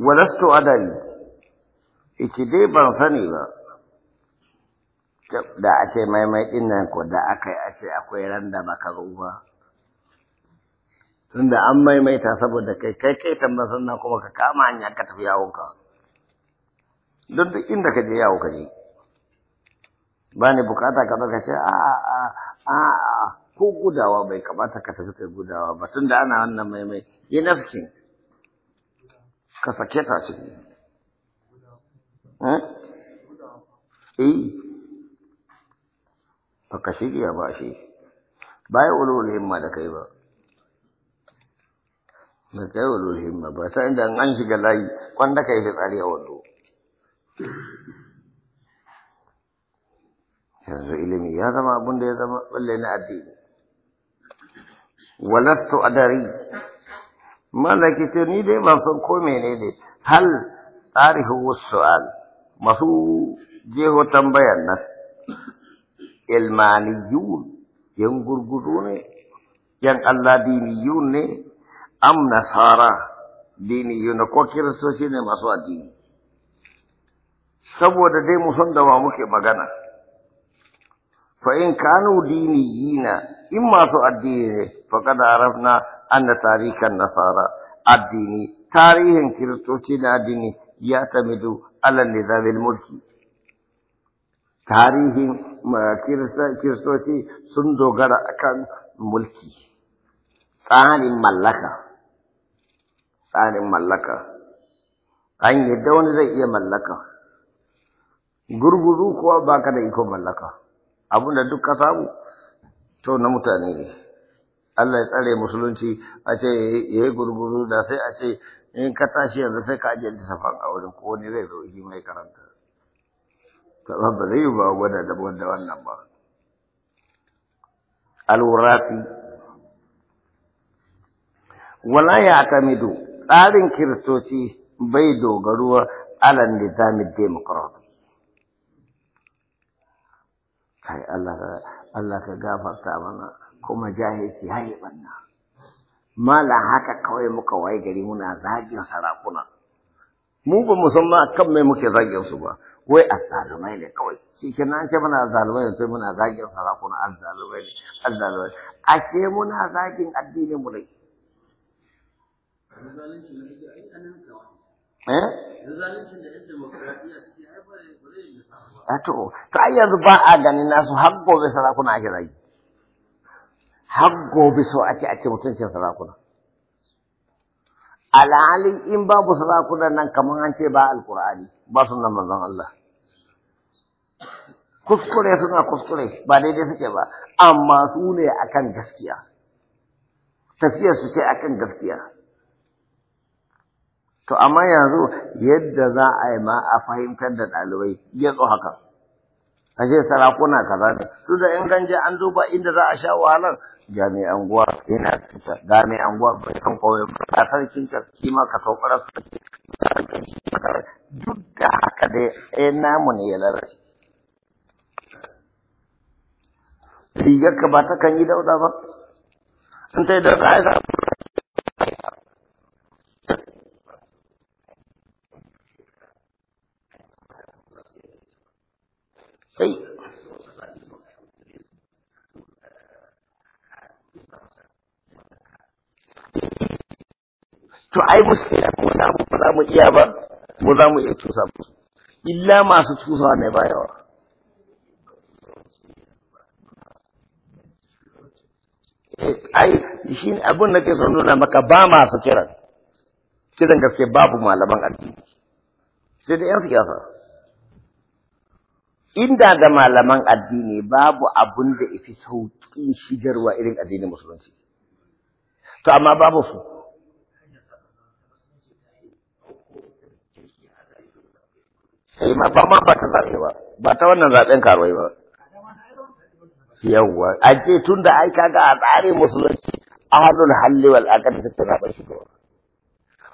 walastu adari ita dai ban sani ba da a ce maimai nan ko da aka yi a ce akwai ran da baka ruwa tunda an maimaita saboda kai kai kai tambar sannan kuma ka kama hanya ka tafi yawonka don duk inda ka je yawo ka je ba ne bukata ka ka ce a a a ko gudawa bai kamata ka tafi kai gudawa ba tunda ana wannan maimai yi nafkin ka sake ta ciki eh, eh. ka shirya ba shi ba ya wani himma da kai ba Ba kai wani himma ba ta inda an shiga layi kwanda ka yi tsari a wando yanzu ilimi ya zama abin da ya zama ɓalle na addini walastu adari malaki ce ni dai ban san ko menene hal tarihu wasu'al masu jeho tambayan nan ilmaniyun yan gurgudu ne yan Allah diniyun ne am nasara diniyun ko kiristoci ne masu addini saboda dai mu san da wa muke magana fa in kanu diniyina in masu addini ne faqad arafna أن تاريخ addini, tarihin تاريخ كريستوسين addini يعتمد على النظام الملكي تاريخ كريستوسي sun غرا كان mulki. tsarin mallaka tsarin mallaka an yadda wani zai iya mallaka Gurguru kuwa baka da iko mallaka abinda duk ka samu to na mutane ne Allah ya tsare musulunci a ce ya yi gurguru da sai a ce in ka tashi yanzu sai ka ajiye littafin a wurin ko wani zai zo shi mai karanta kaza ba zai yi ba gwada da wanda wannan ba alwurafi wala ya tamidu tsarin kiristoci bai dogaro alan nizamin demokrasi kai Allah ka gafarta mana kuma jahilci har yi banna mala haka kawai muka waye gari muna zagin sarakuna mu ba mu san ma kan mai muke zagin su ba wai azzalumai ne kawai shi ke nan ce muna zalumai ne sai muna zagin sarakuna zalumai ne a ashe muna zagin addinin mu ne Eh? eh to, ta yanzu ba a ganin nasu har gobe sarakuna ake zagi. har gobe so ake ake mutuncin sarakuna. Alhali in babu sarakuna nan kamar an ce ba alkur'ani ba nan manzon Allah. Kuskure suna kuskure ba daidai suke ba, amma su ne a kan gaskiya. Tafiyar su ce a kan gaskiya. To amma yanzu yadda za a yi ma a fahimtar da ɗalibai, yanzu haka. a je sarakuna kaza ne su da in ganje an duba inda za a sha wahalar jami'an guwa yana fita jami'an guwa bai san kawai ba san kin ka kima ka saukar su duk da haka dai ɗaya eh, namu ne ya lalace rigar ka ba ta kan yi dauda ba in ta yi dauda ai za kai to ai muskila ko da mu za mu iya ba mu za mu iya tusa ba illa masu tusa ne ba yawa ai shi abun da ke son nuna maka ba masu kiran kiran gaske babu malaman addini sai da yan siyasa inda ga malaman addini babu abun da ifi sauƙi shigarwa irin addinin musulunci to amma babu su sai eh, ma ba ma ba ta zaɓe ba ba ta wannan zaɓen karuwai ba yawwa a ce tun da ai kaga a tsarin musulunci ahadul halli wal aqd suka zaɓa shugaba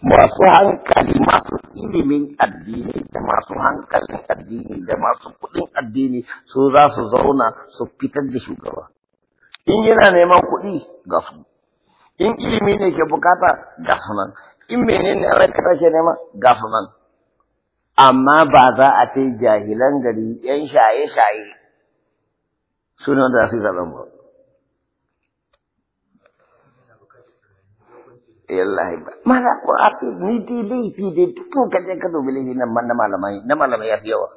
masu hankali masu ilimin addini da masu hankalin addini da masu kuɗin addini su za su zauna su fitar da shugaba in yana neman kuɗi ga su in ilimi ne ke bukata ga su nan in ne ranka rake nema ga su nan amma ba za a ce jahilan gari yan shaye-shaye suna da su zaɓen ba yallahi ba mana ko afi ni laifi dai dubu ka je ka laifi nan man na malamai na malamai ya fi yawa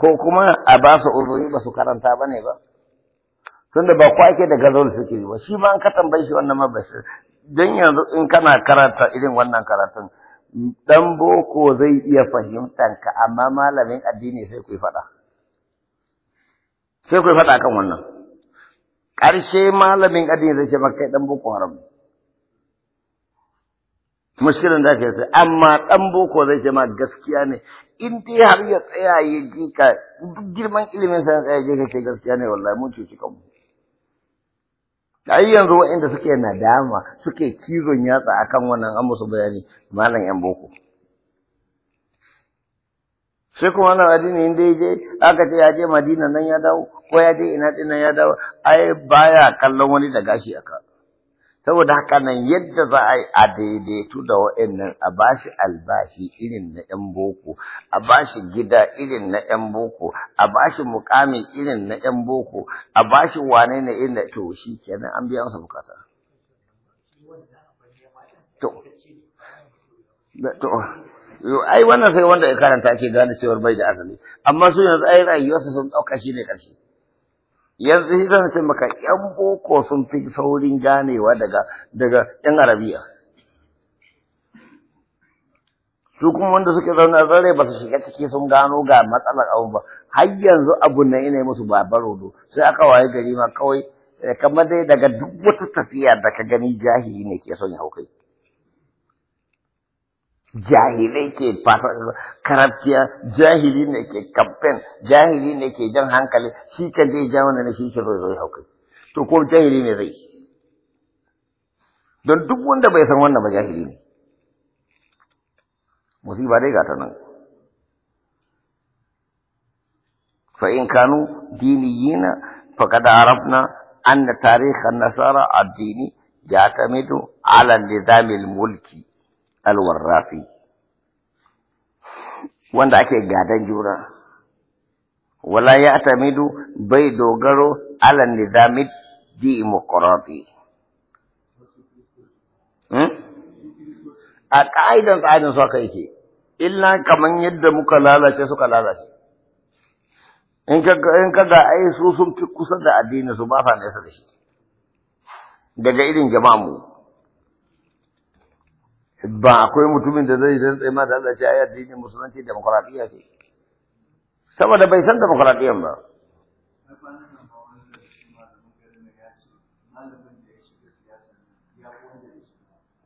ko kuma a ba su uzuri ba su karanta ba ne ba tunda ba kwa ake da gazon suke ba shi ma an ka tambaye shi wannan ma ba don yanzu in kana karanta irin wannan karatun dan boko zai iya fahimta ka amma malamin addini sai ku faɗa sai faɗa kan wannan ƙarshe malamin addini zai ce maka kai ɗan boko haram mushkilan da ke sai amma ɗan boko zai ce ma gaskiya ne in dai har ya tsaya ya ji ka duk girman ilimin sa tsaya ya ji gaskiya ne wallahi mun ci kanmu ai yanzu waɗanda suke nadama suke cizon yatsa akan wannan an musu bayani malam yan boko sai kuma wannan addini inda ya je aka ce ya je madina nan ya dawo ko ya je ina dinnan nan ya dawo ai baya kallon wani da gashi aka saboda haka nan yadda za a yi a daidaitu da wa'annan a bashi albashi irin na yan boko a bashi gida irin na yan boko a bashi mukami irin na yan boko a bashi wane ne irin na to shi kenan an biya masa bukata to to ai wannan sai wanda ya karanta ake gane cewar bai da asali amma su yanzu ai rayuwarsa sun dauka shi ne kashi. yanzu shi zan ce maka ƴan boko sun fi saurin ganewa daga daga ƴan arabiya su kuma wanda suke zauna a zare ba su shiga ciki sun gano ga matsalar abu ba har yanzu abun nan ina musu babar rodo sai aka waye gari ma kawai eh, kamar dai daga duk wata tafiya da ka gani jahili ne ke son ya hau kai jahilai ke karaftiya jahili ne ke kamfen jahili ne ke jan hankali shi ka je ja wanda na shi ke zo haukai, to ko jahili ne zai don duk wanda bai san wannan ba jahili ne musiba dai gata nan fa in kanu diniyina tarikh an-nasara ad-dini ya يعتمد ala nizamil mulki. alwarrafi wanda ake gadan juna wala ya atamidu bai dogaro ala nizami dimokuraɗi hmm? a ƙa'idan tsarin suka yake illa kaman yadda muka lalace suka lalace in ka ga ai su sun fi kusa da addini su ba sa nesa da shi daga irin jama'a mu ba akwai mutumin da zai rantsa ma da Allah ce ai musulunci demokradiyya ce saboda bai san demokradiyyan ba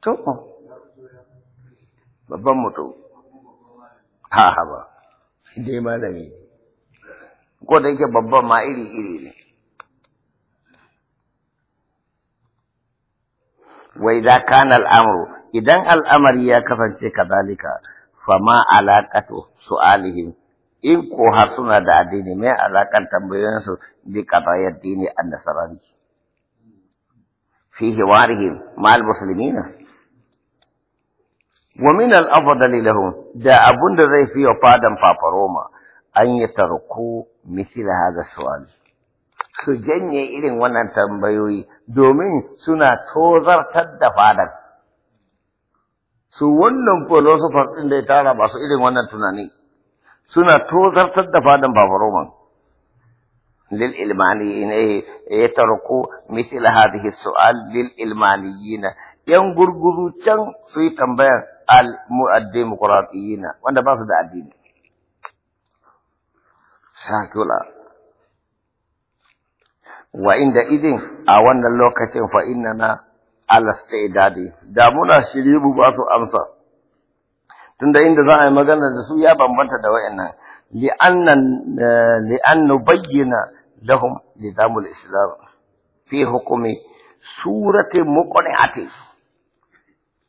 to babban mutum ha ha ba dai malami ko da yake babban ma iri iri ne wai za kana al'amuru. idan al'amari ya kasance kadalika fama alaƙatu su'alihim in ko har suna da addini mai alaƙar tambayoyinsu bi qadayat dini an-nasrani fi hiwarihim ma'al muslimina wa min al-afdal lahum da abunda zai fi wa fadan fafaroma an yi tarku misila hada su'al su janye irin wannan tambayoyi domin suna tozartar da fadan su wannan philosophers ɗin da ya tara ba su irin wannan tunani suna tozartar da fadan Papa Roman. Lil ilmani ne eh, eh, ya tarko mitil hadhihi su'al lil ilmaniyina yan gurguru can su yi tambayar al mu'addimqratiyina wanda ba su da addini. Shakula. Wa inda idin a wannan lokacin fa na. على استعدادي دامونا شريب باتو أمسا تند عند ذا مجانا دسو يا بمبنت دوائنا لأن لأن نبين لهم نظام الإسلام في حكم سورة مقنعة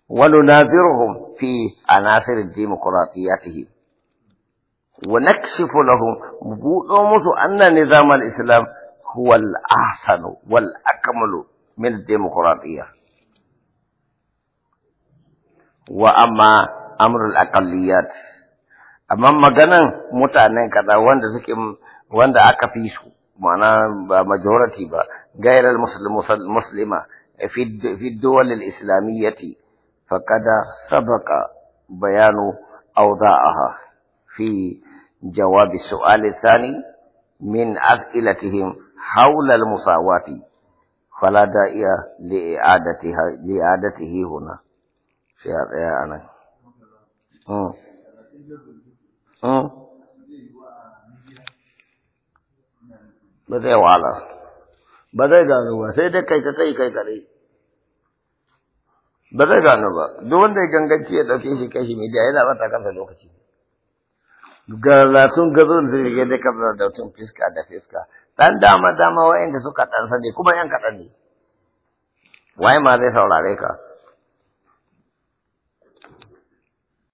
ونناظرهم في عناصر الديمقراطياته ونكشف لهم بوضوموس أن نظام الإسلام هو الأحسن والأكمل من الديمقراطية wa amma amrul aqalliyat amma maganan mutanen kaza wanda suke wanda aka fi su ma'ana ba majority ba gairal gairar muslima fi dole islamiyyati faƙada sabaka bayanu auza'aha fi جواب السؤال الثاني من اسئلتهم حول المساواة فلا داعي لاعادتها لإعادته هنا sai a tsaya a nan hmm. Hmm. ba zai wahala ba zai gano ba sai dai kai ka kai kai kare ba zai gano ba duk wanda ya ganganci ya ɗauke shi kai shi mai da yana bata kansa lokaci latun gazo da rike da kabza da tun fiska da fiska dan dama dama wa'anda suka dan sani kuma yan kaɗan ne wai ma zai saurare ka